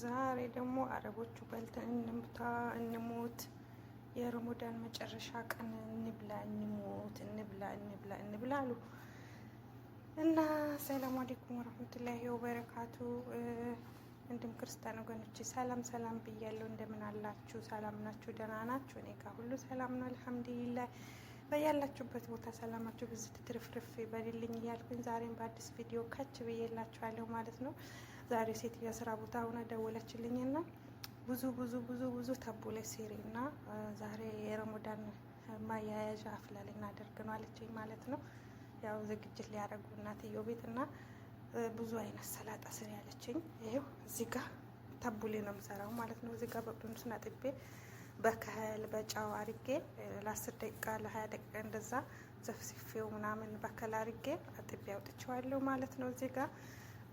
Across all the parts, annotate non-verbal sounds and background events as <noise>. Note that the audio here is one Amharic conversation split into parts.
ዛሬ ደግሞ አረቦቹ በልተን እንምታ እንሞት፣ የረመዳን መጨረሻ ቀን እንብላ እንሞት፣ እንብላ እንብላ እንብላ አሉ እና ሰላም አለይኩም ወረህመቱላሂ ወበረካቱ። እንድም ክርስቲያን ወገኖች ሰላም ሰላም ብያለሁ። እንደምን አላችሁ? ሰላም ናችሁ? ደህና ናችሁ? እኔ ጋር ሁሉ ሰላም ነው፣ አልሐምዱሊላህ በያላችሁበት ቦታ ሰላማችሁ ብዙ ትትርፍርፍ በሌልኝ እያልኩኝ ዛሬም በአዲስ ቪዲዮ ከች ብዬላችኋለሁ ማለት ነው። ዛሬ ሴትዮዋ ስራ ቦታ ሆና ደወለችልኝና ብዙ ብዙ ብዙ ብዙ ተቡለ ሴሪና ዛሬ የረሞዳን ማያያዣ አፍላል እናደርግ ነው አለችኝ ማለት ነው። ያው ዝግጅት ሊያደርጉ እናትየው ቤት እና ብዙ አይነት ሰላጣ ስሪ ያለችኝ። ይሄው እዚህ ጋር ተቡሌ ነው የምሰራው ማለት ነው። እዚህ ጋር በቅዱን በከህል በጫው አርጌ ለአስር ደቂቃ ለሀያ ደቂቃ እንደዛ ዘፍስፌው ምናምን በከል አርጌ አጥቤ አውጥቼዋለሁ ማለት ነው። እዚህ ጋ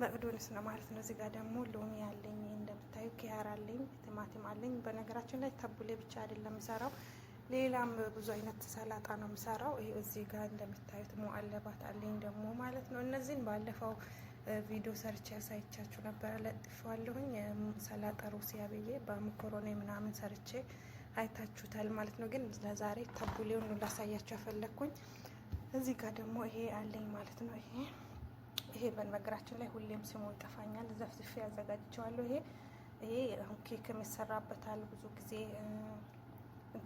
መቅዶንስ ነው ማለት ነው። እዚህ ጋ ደግሞ ሎሚ አለኝ እንደምታዩ፣ ኪያር አለኝ፣ ቲማቲም አለኝ። በነገራችን ላይ ተቡሌ ብቻ አይደለም ምሰራው፣ ሌላም ብዙ አይነት ሰላጣ ነው የምሰራው። ይሄ እዚህ ጋር እንደምታዩት ሙአለባት አለኝ ደግሞ ማለት ነው። እነዚህን ባለፈው ቪዲዮ ሰርቼ ያሳይቻችሁ ነበረ፣ ለጥፌዋለሁኝ። ሰላጣ ሩሲያ ብዬ በመኮሮኒ ምናምን ሰርቼ አይታችሁታል ማለት ነው። ግን ለዛሬ ታቡሌውን ነው ላሳያችሁ ያፈለግኩኝ። እዚህ ጋር ደግሞ ይሄ አለኝ ማለት ነው። ይሄ ይሄ በነገራችን ላይ ሁሌም ስሙ ይጠፋኛል። ዘፍዝፌ ያዘጋጅቸዋለሁ። ይሄ ይሄ አሁን ኬክም ይሰራበታል ብዙ ጊዜ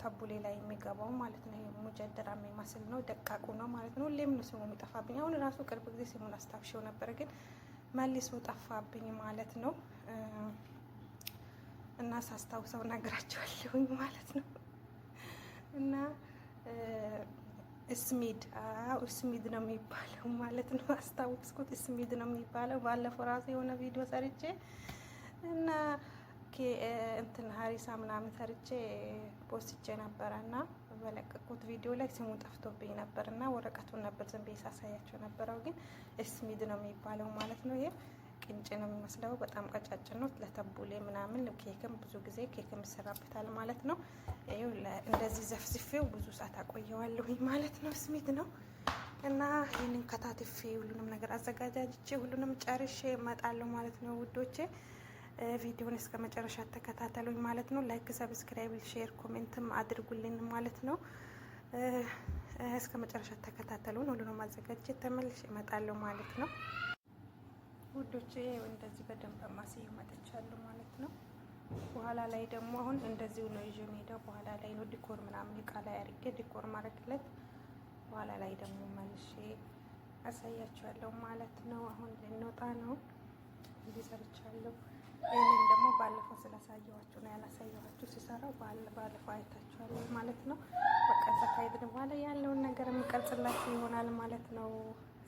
ታቡሌ ላይ የሚገባው ማለት ነው። ይሄ ሙጀደራ የሚመስል ነው፣ ደቃቁ ነው ማለት ነው። ሁሌም ነው ስሙ የሚጠፋብኝ። አሁን ራሱ ቅርብ ጊዜ ስሙን አስታብሼው ነበር፣ ግን መልሶ ጠፋብኝ ማለት ነው። እና ሳስታውሰው ነግራቸዋለሁኝ ማለት ነው። እና እስሚድ አዎ እስሚድ ነው የሚባለው ማለት ነው። አስታውስኩት። እስሚድ ነው የሚባለው ባለፈው ራሱ የሆነ ቪዲዮ ሰርቼ እና እንትን ሀሪሳ ምናምን ሰርቼ ፖስቼ ነበረ እና በለቀቁት ቪዲዮ ላይ ስሙ ጠፍቶብኝ ነበር እና ወረቀቱን ነበር ዝም ብዬ ሳሳያቸው ነበረው። ግን እስሚድ ነው የሚባለው ማለት ነው ይሄ ቅንጭ ነው የሚመስለው። በጣም ቀጫጭን ነው። ለተቡሌ ምናምን ኬክም ብዙ ጊዜ ኬክም ይሰራበታል ማለት ነው። እንደዚህ ዘፍዝፌው ብዙ ሰዓት አቆየዋለሁ ማለት ነው። ስሜት ነው እና ይህንን ከታትፌ ሁሉንም ነገር አዘጋጃጅቼ ሁሉንም ጨርሼ እመጣለሁ ማለት ነው ውዶቼ። ቪዲዮን እስከ መጨረሻ ተከታተሉኝ ማለት ነው። ላይክ፣ ሰብስክራይብ፣ ሼር፣ ኮሜንትም አድርጉልን ማለት ነው። እስከ መጨረሻ ተከታተሉን። ሁሉንም አዘጋጅቼ ተመልሼ እመጣለሁ ማለት ነው። ውዶቼ እንደዚህ በደንብ አማስዬ መጥቻለሁ ማለት ነው። በኋላ ላይ ደግሞ አሁን እንደዚሁ ነው ይዤ የምሄደው። በኋላ ላይ ነው ዲኮር ምናምን እቃ ላይ አድርጌ ዲኮር ማድረግለት በኋላ ላይ ደግሞ መልሼ አሳያችኋለሁ ማለት ነው። አሁን ልንወጣ ነው። እንዲህ ሰርቻለሁ። ይህንን ደግሞ ባለፈው ስላሳየኋችሁ ነው ያላሳየኋችሁ። ሲሰራው ባለፈው አይታችኋል ማለት ነው። በቃ እዛ ካሄድን በኋላ ያለውን ነገር የሚቀርጽላችሁ ይሆናል ማለት ነው።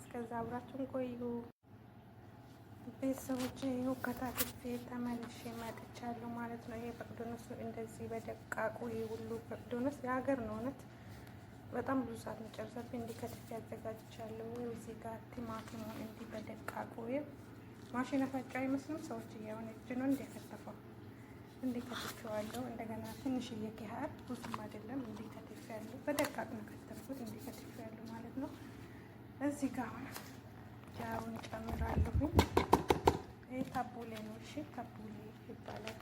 እስከዛ አብራችሁን ቆዩ። ቤተሰቦች ይኸው ከታትፌ ተመልሼ መጥቻለሁ ማለት ነው። ይሄ በቅዱንስ እንደዚህ በደቃቁ ይሄ ሁሉ በቅዱንስ የሀገር ነው። እውነት በጣም ብዙ ሰዓት መጨረሰብኝ። እንዲህ ከትፌ አዘጋጅቻለሁ። እዚህ ጋር ቲማቲሙ እንዲህ በደቃቁ ይሄ ማሽን ፈጫ አይመስልም ሰዎች እያሁን እጅ ነው እንዲያከተፈው እንዲህ ከትፌዋለሁ። እንደገና ትንሽዬ ኪያር ብዙም አይደለም እንዲህ ከትፌያለሁ። በደቃቅ ነው ከተፍኩት። እንዲህ ከትፌያለሁ ማለት ነው። እዚህ ጋር አሁን ጨምራለሁኝ ይህ ታቡሌ ነው። እሺ ታቡሌ ይባላል።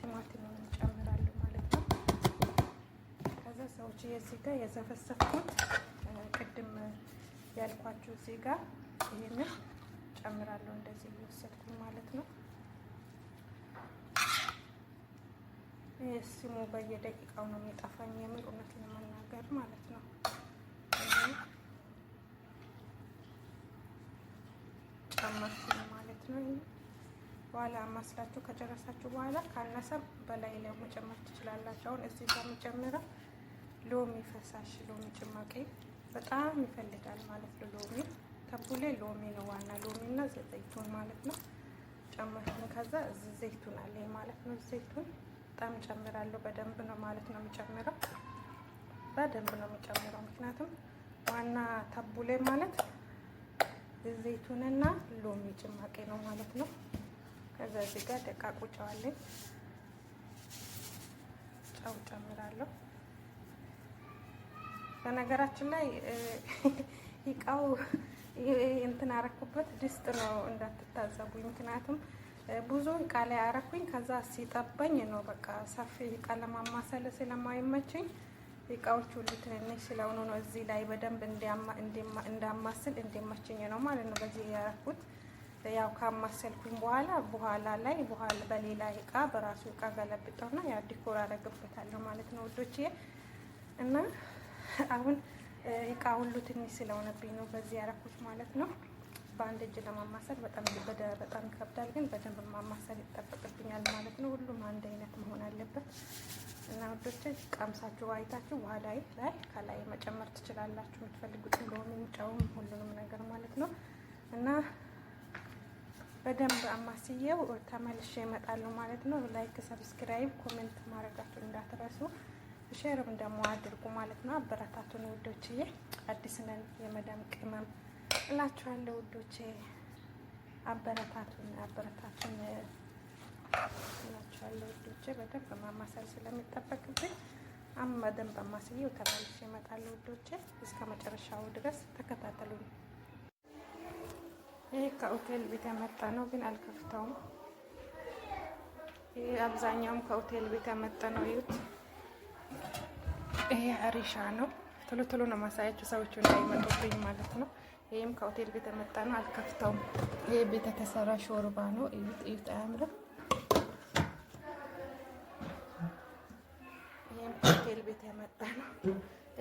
ቲማቲሙን እንጨምራለሁ ማለት ነው። ከዛ ሰዎች እዚህ ጋር የዘፈሰፍኩት ቅድም ያልኳችሁ እዚህ ጋር ይህንን ጨምራለሁ። እንደዚህ እየወሰድኩኝ ማለት ነው። ስሙ በየደቂቃው ነው የሚጠፋኝ የምር እውነት ለመናገር ማለት ነው። ጨመርኩኝ ማለት ነው። በኋላ አማስላችሁ ከጨረሳችሁ በኋላ ካነሰም በላይ ላይ መጨመር ትችላላችሁ። አሁን እዚህ ጋር መጨመረው ሎሚ ፈሳሽ ሎሚ ጭማቂ በጣም ይፈልጋል ማለት ነው። ሎሚ ተቡሌ ሎሚ ነው ዋና ሎሚ እና ዘይቱን ማለት ነው። ጨመርኩኝ። ከዛ እዚህ ዘይቱን አለ ማለት ነው። ዘይቱን በጣም ጨምራለሁ። በደንብ ነው ማለት ነው የሚጨምረው። በደንብ ነው የሚጨምረው ምክንያቱም ዋና ተቡሌ ማለት ዘይቱንና ሎሚ ጭማቂ ነው ማለት ነው። ከዛ እዚህ ጋር ደቃቁ ጨው ጨው ጨምራለሁ። በነገራችን ላይ እቃው እንትን አረኩበት ድስት ነው እንዳትታዘቡኝ። ምክንያቱም ብዙ እቃ ላይ አረኩኝ። ከዛ ሲጠበኝ ነው በቃ ሰፊ እቃ ለማማሰል ስለማይመችኝ እቃዎች ሁሉ ትንንሽ ስለሆኑ ነው እዚህ ላይ በደንብ እንዳማስል እንዲመችኝ ነው ማለት ነው በዚህ ያረኩት። ያው ካማሰልኩኝ በኋላ በኋላ ላይ በኋላ በሌላ እቃ በራሱ እቃ ገለብጠውና ያ ዲኮር አደርግበታለሁ ማለት ነው ውዶቼ። እና አሁን እቃ ሁሉ ትንሽ ስለሆነብኝ ነው በዚህ ያረኩት ማለት ነው። በአንድ እጅ ለማማሰል በጣም በጣም ይከብዳል፣ ግን በደንብ ማማሰል ይጠበቅብኛል ማለት ነው። ሁሉም አንድ አይነት መሆን አለበት። እና ውዶቼ ቀምሳችሁ አይታችሁ በኋላ ላይ ከላይ መጨመር ትችላላችሁ፣ የምትፈልጉት እንደሆነ ጨውም ሁሉንም ነገር ማለት ነው እና በደንብ አማስየው ተመልሼ እመጣለሁ ማለት ነው። ላይክ፣ ሰብስክራይብ፣ ኮሜንት ማድረጋችሁ እንዳትረሱ፣ ሼርም ደግሞ አድርጉ ማለት ነው። አበረታቱን ውዶችዬ። አዲስ ነን የመዳም ቅመም እላችኋለሁ ውዶቼ። አበረታቱን አበረታቱን እላችኋለሁ ውዶቼ። በደንብ ማማሰል ስለሚጠበቅብኝ አም በደንብ አማስየው ተመልሼ እመጣለሁ ውዶቼ። እስከ መጨረሻው ድረስ ተከታተሉኝ። ይህ ከሆቴል ቤት የመጣ ነው፣ ግን አልከፍተውም። ይህ አብዛኛውም ከሆቴል ቤት የመጣ ነው። ይሁት ይሄ አሪሻ ነው። ቶሎ ቶሎ ነው ማሳያቸው ሰዎቹ እንዳይመጡብኝ ማለት ነው። ይህም ከሆቴል ቤት የመጣ ነው፣ አልከፍተውም። ይሄ ቤት የተሰራ ሾርባ ነው። ይሁት ይሁት፣ አያምርም? ይህም ከሆቴል ቤት የመጣ ነው።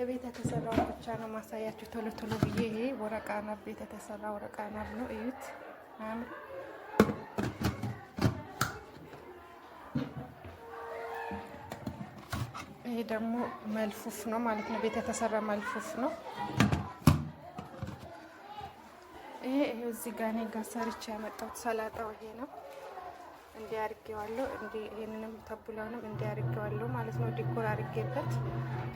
ቤት የተሰራው ብቻ ነው ማሳያችሁ ቶሎ ቶሎ ብዬ። ይሄ ወረቃ ናብ ቤት የተሰራ ወረቃ ናብ ነው። እዩት ይሄ ደግሞ መልፉፍ ነው ማለት ነው። ቤት የተሰራ መልፉፍ ነው። ይሄ እዚህ ጋር እኔ ጋር ሰርቼ ያመጣሁት ሰላጣው ይሄ ነው። እንዲያርጌዋለሁ ይህንንም ተቡላንም እንዲያርጌዋለሁ ማለት ነው። ዲኮር አርጌበት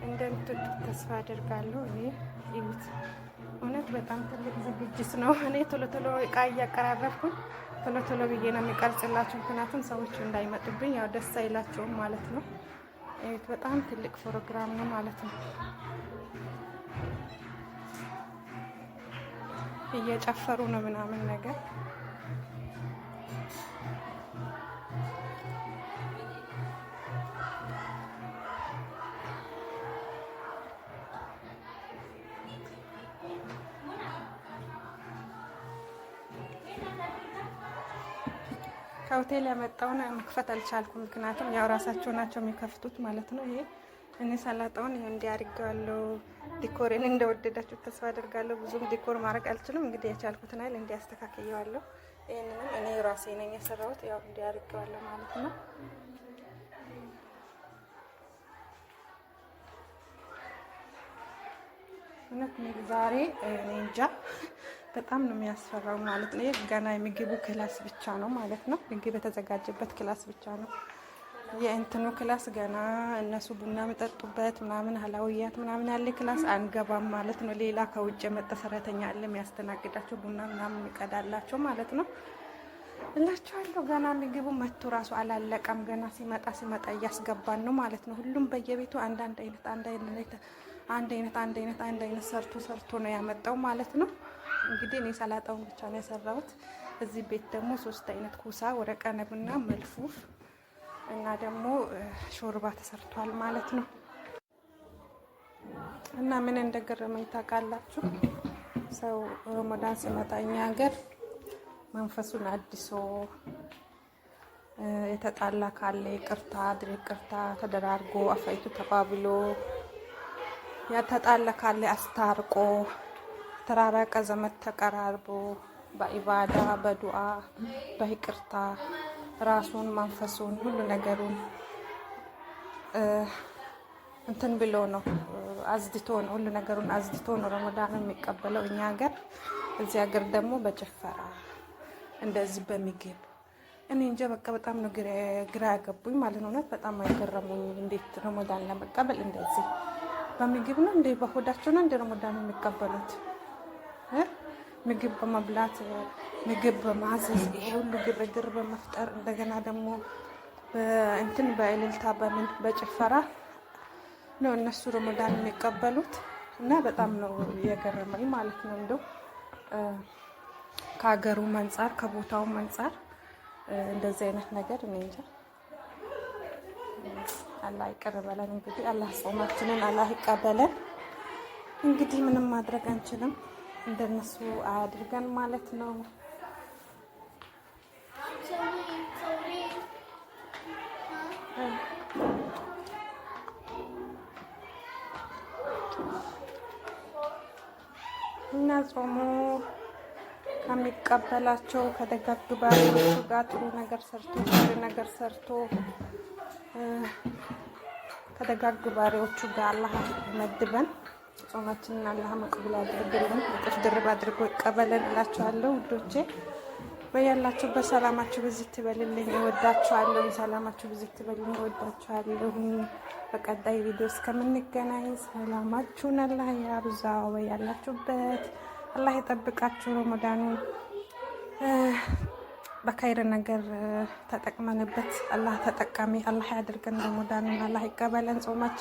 እንደምትወዱ ተስፋ አደርጋለሁ። እኔ ይሁት እውነት በጣም ትልቅ ዝግጅት ነው። <laughs> እኔ ቶሎ ቶሎ እቃ እያቀራረብኩኝ ቶሎ ቶሎ ብዬ ነው የሚቀርጽላቸው፣ ምክንያቱም ሰዎች እንዳይመጡብኝ ያው ደስ አይላቸውም ማለት ነው። ይሁት በጣም ትልቅ ፕሮግራም ነው ማለት ነው። እየጨፈሩ ነው ምናምን ነገር ከሆቴል ያመጣውን መክፈት አልቻልኩም። ምክንያቱም ያው ራሳቸው ናቸው የሚከፍቱት ማለት ነው። ይሄ እኔ ሰላጣውን ይሄ እንዲያርገዋለሁ ዲኮሬን እንደወደዳችሁ ተስፋ አደርጋለሁ። ብዙም ዲኮር ማድረግ አልችልም። እንግዲህ የቻልኩትን አይደል እንዲያስተካክየዋለሁ። ይህንንም እኔ ራሴ ነኝ የሰራሁት። ያው እንዲያርገዋለሁ ማለት ነው። እውነት ዛሬ እኔ እንጃ በጣም ነው የሚያስፈራው ማለት ነው። ገና የምግቡ ክላስ ብቻ ነው ማለት ነው። ምግብ የተዘጋጀበት ክላስ ብቻ ነው። የእንትኑ ክላስ ገና እነሱ ቡና የሚጠጡበት ምናምን ሀላውያት ምናምን ያለ ክላስ አንገባም ማለት ነው። ሌላ ከውጭ የመጣ ሰራተኛ አለ የሚያስተናግዳቸው ቡና ምናምን የሚቀዳላቸው ማለት ነው እላቸዋለሁ። ገና ምግቡ መቶ ራሱ አላለቀም። ገና ሲመጣ ሲመጣ እያስገባን ነው ማለት ነው። ሁሉም በየቤቱ አንዳንድ አንድ አይነት አንድ አይነት አንድ አይነት አንድ አይነት ሰርቶ ሰርቶ ነው ያመጣው ማለት ነው። እንግዲህ እኔ ሰላጣውን ብቻ ነው ያሰራሁት። እዚህ ቤት ደግሞ ሶስት አይነት ኩሳ ወረቀ ነብና መልፉፍ እና ደግሞ ሾርባ ተሰርቷል ማለት ነው። እና ምን እንደገረመኝ ታውቃላችሁ? ሰው ረመዳን ሲመጣ እኛ ሀገር መንፈሱን አድሶ የተጣላ ካለ ይቅርታ ድሬ ይቅርታ ተደራርጎ አፋይቱ ተባብሎ ያተጣላ ካለ አስታርቆ ተራራቀ ዘመድ ተቀራርቦ በኢባዳ በዱአ፣ በይቅርታ ራሱን መንፈሱን ሁሉ ነገሩን እንትን ብሎ ነው አዝድቶ ነው ሁሉ ነገሩን አዝድቶ ነው ረመዳን የሚቀበለው። እኛ ሀገር እዚህ ሀገር ደግሞ በጭፈራ እንደዚህ በሚገቡ እኔ እንጃ በቃ በጣም ነው ግራ ያገቡኝ ማለት ነው። እውነት በጣም አይገረሙኝ። እንዴት ረመዳን ለመቀበል እንደዚህ በምግብ ነው እንዴ? በሆዳቸው ነው እንደ ረመዳን የሚቀበሉት? ምግብ በመብላት ምግብ በማዘዝ ሁሉ ግርግር በመፍጠር እንደገና ደግሞ እንትን በእልልታ በምን በጭፈራ ነው እነሱ ረመዳን የሚቀበሉት እና በጣም ነው የገረመኝ ማለት ነው። እንደው ከሀገሩ አንጻር ከቦታው አንጻር እንደዚህ አይነት ነገር እኔ እንጃ። አላህ ይቅር በለን እንግዲህ፣ አላህ ጾማችንን አላህ ይቀበለን። እንግዲህ ምንም ማድረግ አንችልም። እንደነሱ አያድርገን ማለት ነው። እና ጾሙ ከሚቀበላቸው ከደጋግ ባሪያዎቹ ጋር ጥሩ ነገር ሰርቶ ጥሩ ነገር ሰርቶ ከደጋግ ባሪዎቹ ጋር አላህ መድበን ጾማችንን አላህ መቅቡል አድርግልን፣ እጥፍ ድርብ አድርጎ ይቀበለን እላችኋለሁ ውዶቼ። በያላችሁበት ሰላማችሁ ብዝት ትበልልኝ፣ እወዳችኋለሁ። ሰላማችሁ ብዝት ትበልልኝ፣ እወዳችኋለሁ። በቀጣይ ቪዲዮ እስከምንገናኝ ሰላማችሁን አላህ ያብዛው። በያላችሁበት አላህ የጠብቃችሁ። ረመዳኑን በካይር ነገር ተጠቅመንበት አላህ ተጠቃሚ አላህ ያድርገን። ረመዳኑን አላህ ይቀበለን ጾማችን